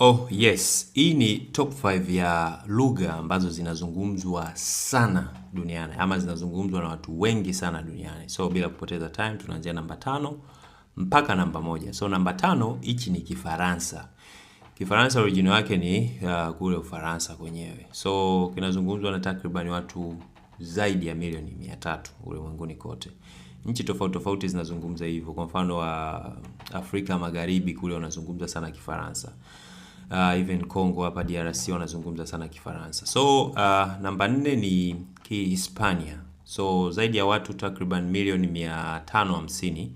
Oh yes, hii ni top 5 ya lugha ambazo zinazungumzwa sana duniani ama zinazungumzwa na watu wengi sana duniani. So bila kupoteza time tunaanzia namba tano mpaka namba moja. So namba tano hichi ni Kifaransa. Kifaransa origin yake ni uh, kule Ufaransa kwenyewe. So kinazungumzwa na takribani watu zaidi ya milioni mia tatu ulimwenguni kote. Nchi tofauti tofauti zinazungumza hivyo. Kwa mfano wa Afrika Magharibi kule wanazungumza sana Kifaransa uh, even Congo hapa DRC wanazungumza sana Kifaransa. So uh, namba nne ni Kihispania. So zaidi ya watu takriban milioni hamsini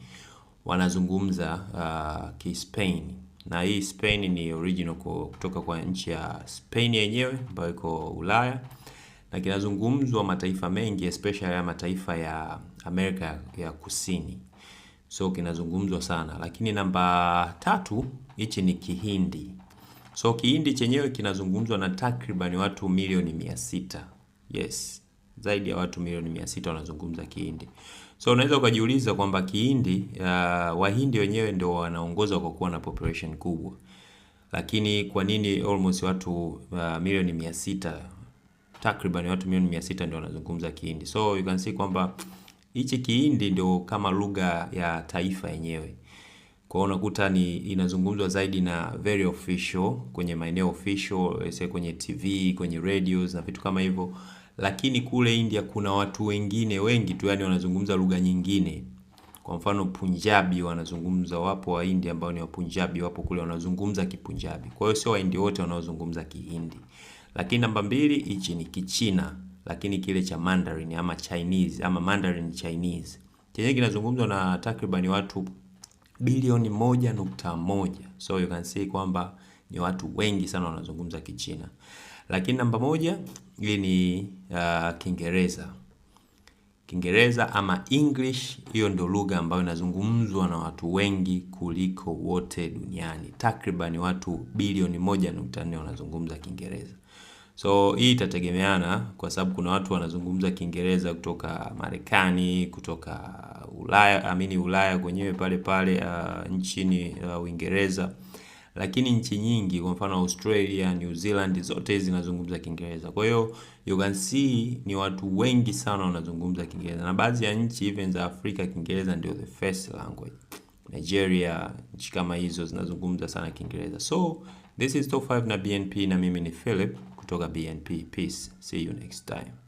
wanazungumza uh, Kispain na hii Spain ni original kutoka kwa nchi ya Spain yenyewe ambayo iko Ulaya na kinazungumzwa mataifa mengi especially ya mataifa ya Amerika ya Kusini, so kinazungumzwa sana. Lakini namba tatu hichi ni Kihindi. So Kihindi chenyewe kinazungumzwa na takribani watu milioni mia sita. Yes, zaidi ya watu milioni mia sita wanazungumza Kihindi. So unaweza ukajiuliza kwamba Kihindi uh, Wahindi wenyewe ndio wanaongoza kwa kuwa na population kubwa, lakini kwa nini almost watu uh, milioni mia sita takriban watu milioni mia sita ndio wanazungumza Kihindi? So you can see kwamba hichi Kihindi ndio kama lugha ya taifa yenyewe kwao unakuta ni inazungumzwa zaidi na very official kwenye maeneo official, kwenye TV, kwenye radios na vitu kama hivyo, lakini kule India kuna watu wengine wengi tu, yani wanazungumza lugha nyingine. Kwa mfano Punjabi wanazungumza, wapo wa India ambao ni Wapunjabi, wapo kule wanazungumza Kipunjabi. Kwa hiyo sio Waindi wote wanaozungumza Kihindi. Lakini namba mbili, hichi ni Kichina, lakini kile cha Mandarin ama Chinese ama Mandarin Chinese chenyewe kinazungumzwa na takriban watu bilioni moja nukta moja. So you can see kwamba ni watu wengi sana wanazungumza Kichina, lakini namba moja hii ni uh, Kiingereza. Kiingereza ama English, hiyo ndio lugha ambayo inazungumzwa na watu wengi kuliko wote duniani. Takriban watu bilioni moja nukta nne wanazungumza Kiingereza. So hii itategemeana kwa sababu kuna watu wanazungumza Kiingereza kutoka Marekani, kutoka Ulaya amini Ulaya kwenyewe pale pale uh, nchini uh, Uingereza, lakini nchi nyingi kwa mfano Australia, New Zealand zote zinazungumza Kiingereza. Kwa hiyo you can see ni watu wengi sana wanazungumza Kiingereza, na baadhi ya nchi even za Afrika Kiingereza ndio the first language. Nigeria, nchi kama hizo zinazungumza sana Kiingereza. So this is Top 5 na BNP, na mimi ni Philip kutoka BNP. Peace, see you next time.